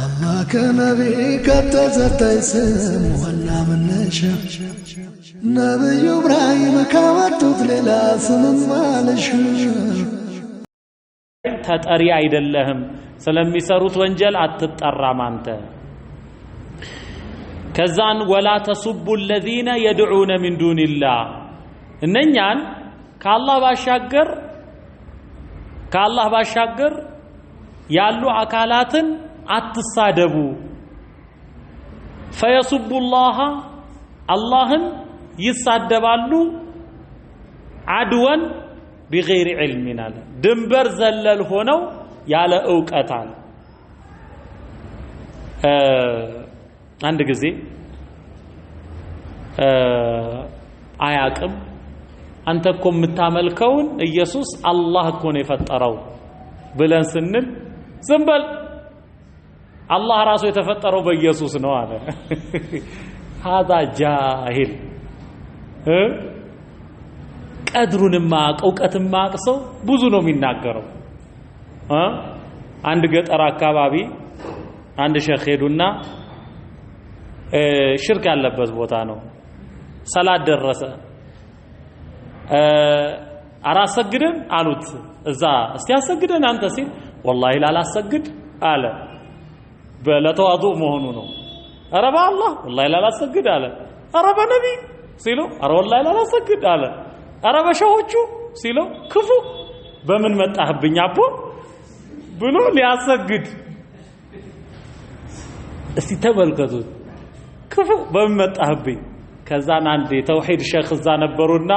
አላህ ከነቢ ከተዘጠኝ ስም ዋና መነሻ እብራሂም ካመጡት ሌላ ስምም ተጠሪ አይደለህም። ስለሚሰሩት ወንጀል አትጠራም አንተ። ከዛን ወላ ተሱቡ ለዚነ የድዑነ ሚን ዱንላህ እነኛን ከአላህ ባሻገር ከአላህ ባሻገር ያሉ አካላትን አትሳደቡ ፈየሱቡላሃ አላህን ይሳደባሉ አድወን ቢገይር ዕልሚን አለ ድንበር ዘለል ሆነው ያለ እውቀት አለ አንድ ጊዜ አያቅም አንተ እኮ የምታመልከውን ኢየሱስ አላህ እኮ ነው የፈጠረው ብለን ስንል ዝም በል አላህ ራሱ የተፈጠረው በኢየሱስ ነው አለ። ሀዛ ጃሂል ቀድሩን ማቅ እውቀት ማቅ ሰው ብዙ ነው የሚናገረው። አንድ ገጠር አካባቢ አንድ ሸህ ሄዱና ሽርክ ያለበት ቦታ ነው። ሰላት ደረሰ። አላሰግድም አሉት። እዛ እስቲ አሰግደን አንተ ሲል ወላሂ ላላሰግድ አለ። ለተዋጡእ መሆኑ ነው። ኧረ በአላህ ወላሂ ላላሰግድ አለ። ኧረ በነቢይ ሲለው ኧረ ወላሂ ላላሰግድ አለ። ኧረ በሸሆቹ ሲለው ክፉ በምን መጣህብኝ አቦ ብሎ ሊያሰግድ እስቲ ተመልከቱት። ክፉ በምን መጣህብኝ። ከዛን አንድ የተውሂድ ሸይኽ እዛ ነበሩና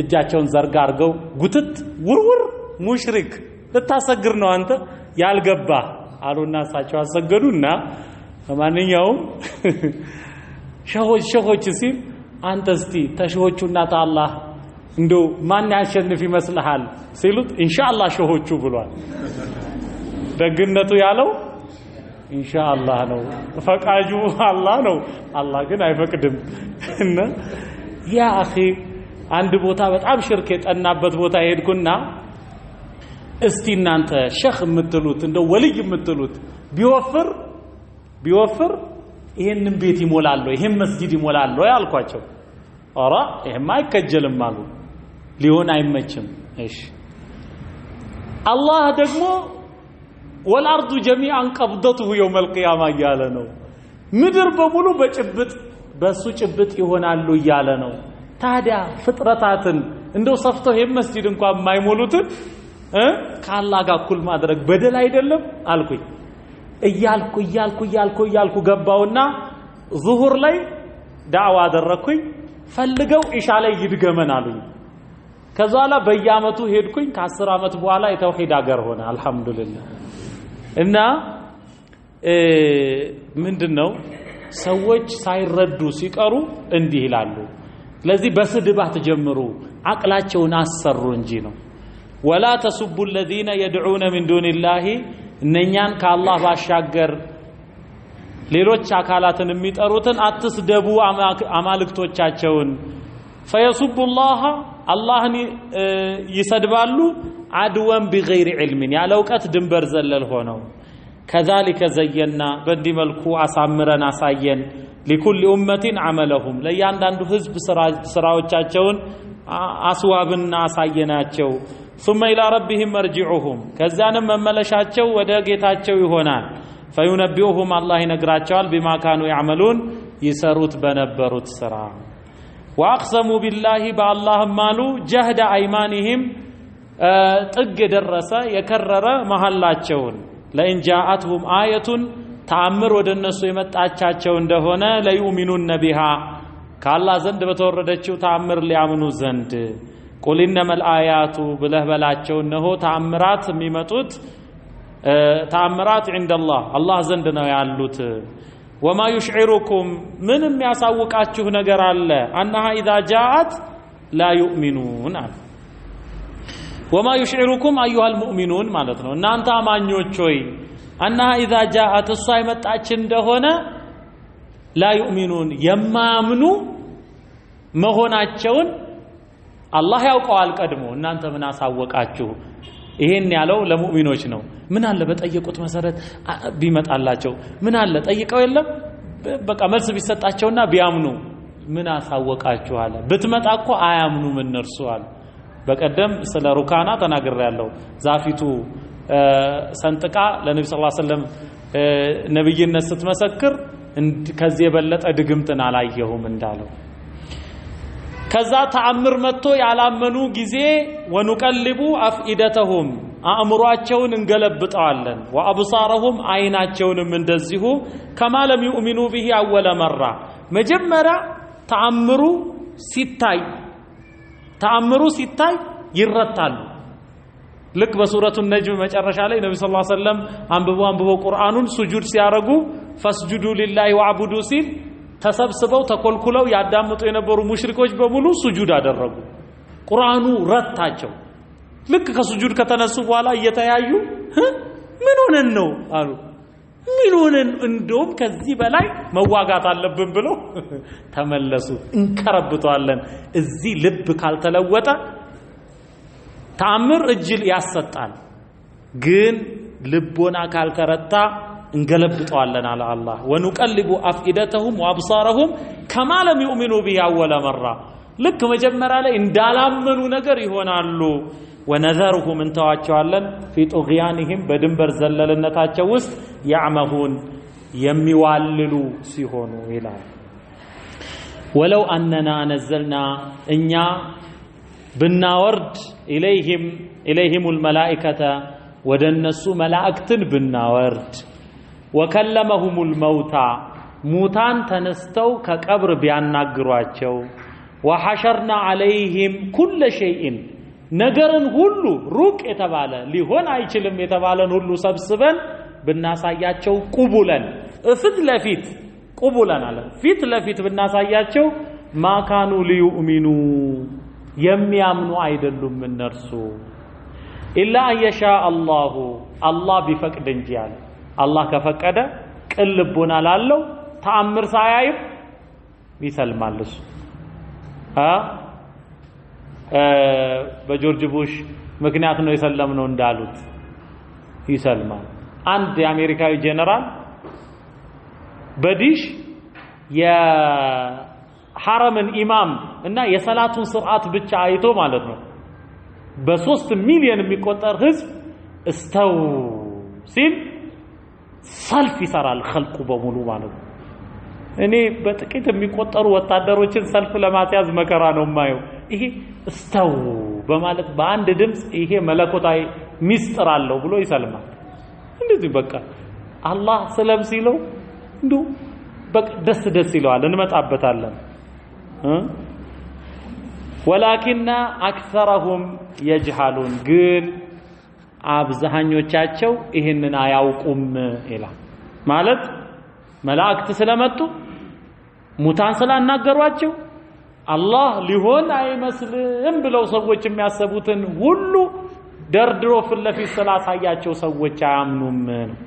እጃቸውን ዘርጋ አድርገው ጉትት ውርውር ሙሽሪክ ልታሰግር ነው አንተ ያልገባ አሉና እሳቸው አሰገዱና በማንኛውም ሸሆች ሸሆች ሲል አንተ እስቲ ተሸሆቹና ታላህ እንዶ ማን ያሸንፍ ይመስልሃል ሲሉት ኢንሻአላህ ሸሆቹ ብሏል። ደግነቱ ያለው ኢንሻአላህ ነው። ፈቃጁ አላህ ነው። አላህ ግን አይፈቅድም። እና ያ አኺ አንድ ቦታ በጣም ሽርክ የጠናበት ቦታ ሄድኩና እስቲ እናንተ ሸህ የምትሉት እንደ ወልይ የምትሉት ቢወፍር ቢወፍር ይሄንን ቤት ይሞላል ወይ ይሄን መስጊድ ይሞላል ወይ አልኳቸው። ኧረ ይሄማ አይከጀልም አሉ። ሊሆን አይመችም። እሺ አላህ ደግሞ ወልአርዱ ጀሚዓን ቀብደቱሁ የውመል ቂያማ እያለ ነው። ምድር በሙሉ በጭብጥ በሱ ጭብጥ ይሆናሉ እያለ ነው። ታዲያ ፍጥረታትን እንደው ሰፍተው ይሄን መስጂድ እንኳን የማይሞሉትን ከአላህ ጋር እኩል ማድረግ በደል አይደለም አልኩኝ። እያልኩ እያልኩ እያልኩ እያልኩ ገባውና ዙሁር ላይ ዳዕዋ አደረግኩኝ። ፈልገው ኢሻ ላይ ይድገመን አሉኝ። ከዛ በኋላ በየአመቱ ሄድኩኝ። ከአስር አመት በኋላ የተውሂድ ሀገር ሆነ አልሐምዱልላህ። እና ምንድን ነው ሰዎች ሳይረዱ ሲቀሩ እንዲህ ይላሉ። ስለዚህ በስድብ አትጀምሩ፣ አቅላቸውን አሰሩ እንጂ ነው ወላ ተሱቡ ለዚነ የድዑነ ሚን ዱንላሂ እነኛን ከአላህ ባሻገር ሌሎች አካላትን የሚጠሩትን አትስደቡ አማልክቶቻቸውን። ፈየሱቡ ላሃ አላህን ይሰድባሉ። አድወን ቢገይሪ ዕልምን ያለ እውቀት ድንበር ዘለል ሆነው ከዛሊከ ዘየና በእንዲህ መልኩ አሳምረን አሳየን። ሊኩሊ ኡመቲን አመለሁም ለእያንዳንዱ ህዝብ ስራዎቻቸውን አስዋብና አሳየናቸው። ሱመ ኢላ ረቢህም مرجعهم ከዚያንም መመለሻቸው ወደ ጌታቸው ይሆናል فينبئهم አላህ ይነግራቸዋል بما كانوا يعملون ይሰሩት በነበሩት ስራ ወአቅሰሙ ቢላሂ በአላህም አሉ ጀህደ አይማኒህም ጥግ የደረሰ የከረረ መሐላቸውን ለእን ጃአትሁም አየቱን ተአምር ወደ እነሱ የመጣቻቸው እንደሆነ ለዩሚኑነ ቢሃ ከአላህ ዘንድ በተወረደችው ተአምር ሊያምኑ ዘንድ ቁል ኢነመል አያቱ ብለህ በላቸው እነሆ ተአምራት የሚመጡት ተአምራት ዒንደላህ አላህ ዘንድ ነው ያሉት። ወማ ዩሽዒሩኩም ምን የሚያሳውቃችሁ ነገር አለ? አናሃ ኢዛ ጃአት ላ ዩእሚኑን አለ። ወማ ዩሽዒሩኩም አዩሃል ሙእሚኑን ማለት ነው። እናንተ አማኞች ሆይ አናሃ ኢዛ ጃአት እሷ አይመጣች እንደሆነ ላ ዩእሚኑን የማያምኑ መሆናቸውን አላህ ያውቀዋል ቀድሞ እናንተ ምን አሳወቃችሁ? ይሄን ያለው ለሙእሚኖች ነው። ምን አለ በጠየቁት መሰረት ቢመጣላቸው፣ ምን አለ ጠይቀው የለም በቃ መልስ ቢሰጣቸውና ቢያምኑ። ምን አሳወቃችሁ አለ። ብትመጣ እኮ አያምኑም እነርሱ አሉ። በቀደም ስለ ሩካና ተናግሬያለሁ። ዛፊቱ ሰንጥቃ ለነቢ ስ ሰለም ነብይነት ስትመሰክር ከዚህ የበለጠ ድግምትን አላየሁም እንዳለው ከዛ ተአምር መጥቶ ያላመኑ ጊዜ ወኑቀልቡ አፍኢደተሁም አእምሯቸውን እንገለብጠዋለን፣ ወአብሳረሁም አይናቸውንም እንደዚሁ ከማለም ዩእሚኑ ብሂ አወለ መራ መጀመሪያ ተአምሩ ሲታይ ተአምሩ ሲታይ ይረታሉ። ልክ በሱረቱ ነጅም መጨረሻ ላይ ነቢ ዐለይሂ ወሰለም አንብቦ አንብቦ ቁርአኑን ሱጁድ ሲያረጉ ፈስጁዱ ሊላሂ ወአቡዱ ሲል ተሰብስበው ተኮልኩለው ያዳምጡ የነበሩ ሙሽሪኮች በሙሉ ሱጁድ አደረጉ። ቁርአኑ ረታቸው። ልክ ከሱጁድ ከተነሱ በኋላ እየተያዩ ምን ሆነን ነው አሉ። ምን ሆነን እንደውም ከዚህ በላይ መዋጋት አለብን ብለው ተመለሱ። እንከረብተዋለን። እዚህ ልብ ካልተለወጠ ተአምር እጅል ያሰጣል፣ ግን ልቦና ካልተረታ እንገለብጠዋለን አለ አላህ ወኑቀልቡ አፍኢደተሁም ወአብሳረሁም ከማለም ዩእሚኑ ብሂ አወለ መራ ልክ መጀመሪያ ላይ እንዳላመኑ ነገር ይሆናሉ ወነዘርሁም እንተዋቸዋለን ፊ ጡግያንህም በድንበር ዘለልነታቸው ውስጥ ያዕመሁን የሚዋልሉ ሲሆኑ ይላል ወለው አነና ነዘልና እኛ ብናወርድ ኢለይህም ኢለይህም ልመላኢከተ ወደ እነሱ መላእክትን ብናወርድ ወከለመሁሙል መውታ ሙታን ተነስተው ከቀብር ቢያናግሯቸው ወሐሸርና አለይህም ኩለ ሸይእን ነገርን ሁሉ ሩቅ የተባለ ሊሆን አይችልም የተባለን ሁሉ ሰብስበን ብናሳያቸው ቁቡለን ፊት ለፊት ቁቡለን አለ ፊት ለፊት ብናሳያቸው ማካኑ ሊዩእሚኑ የሚያምኑ አይደሉም እነርሱ ኢላ አንየሻ አላሁ አላህ ቢፈቅድ እንጂ አለ አላህ ከፈቀደ ቅን ልቡና ላለው ተአምር ሳያይም ይሰልማል። እሱ በጆርጅ ቡሽ ምክንያት ነው የሰለምነው እንዳሉት ይሰልማል። አንድ የአሜሪካዊ ጄኔራል በዲሽ የሐረምን ኢማም እና የሰላቱን ስርዓት ብቻ አይቶ ማለት ነው በሶስት ሚሊዮን የሚቆጠር ህዝብ እስተው ሲል ሰልፍ ይሰራል ኸልቁ በሙሉ ማለት ነው። እኔ በጥቂት የሚቆጠሩ ወታደሮችን ሰልፍ ለማስያዝ መከራ ነው የማየው። ይሄ እስተው በማለት በአንድ ድምፅ ይሄ መለኮታዊ ሚስጥር አለው ብሎ ይሰልማል። እንደዚህ በቃ አላህ ስለም ሲለው እንዲሁ በቃ ደስ ደስ ይለዋል። እንመጣበታለን። ወላኪና አክሰረሁም የጅሃሉን ግን አብዛኞቻቸው ይህንን አያውቁም ይላል። ማለት መላእክት ስለመጡ ሙታን ስላናገሯቸው አላህ ሊሆን አይመስልም ብለው ሰዎች የሚያሰቡትን ሁሉ ደርድሮ ፊት ለፊት ስላሳያቸው ሰዎች አያምኑም ነው።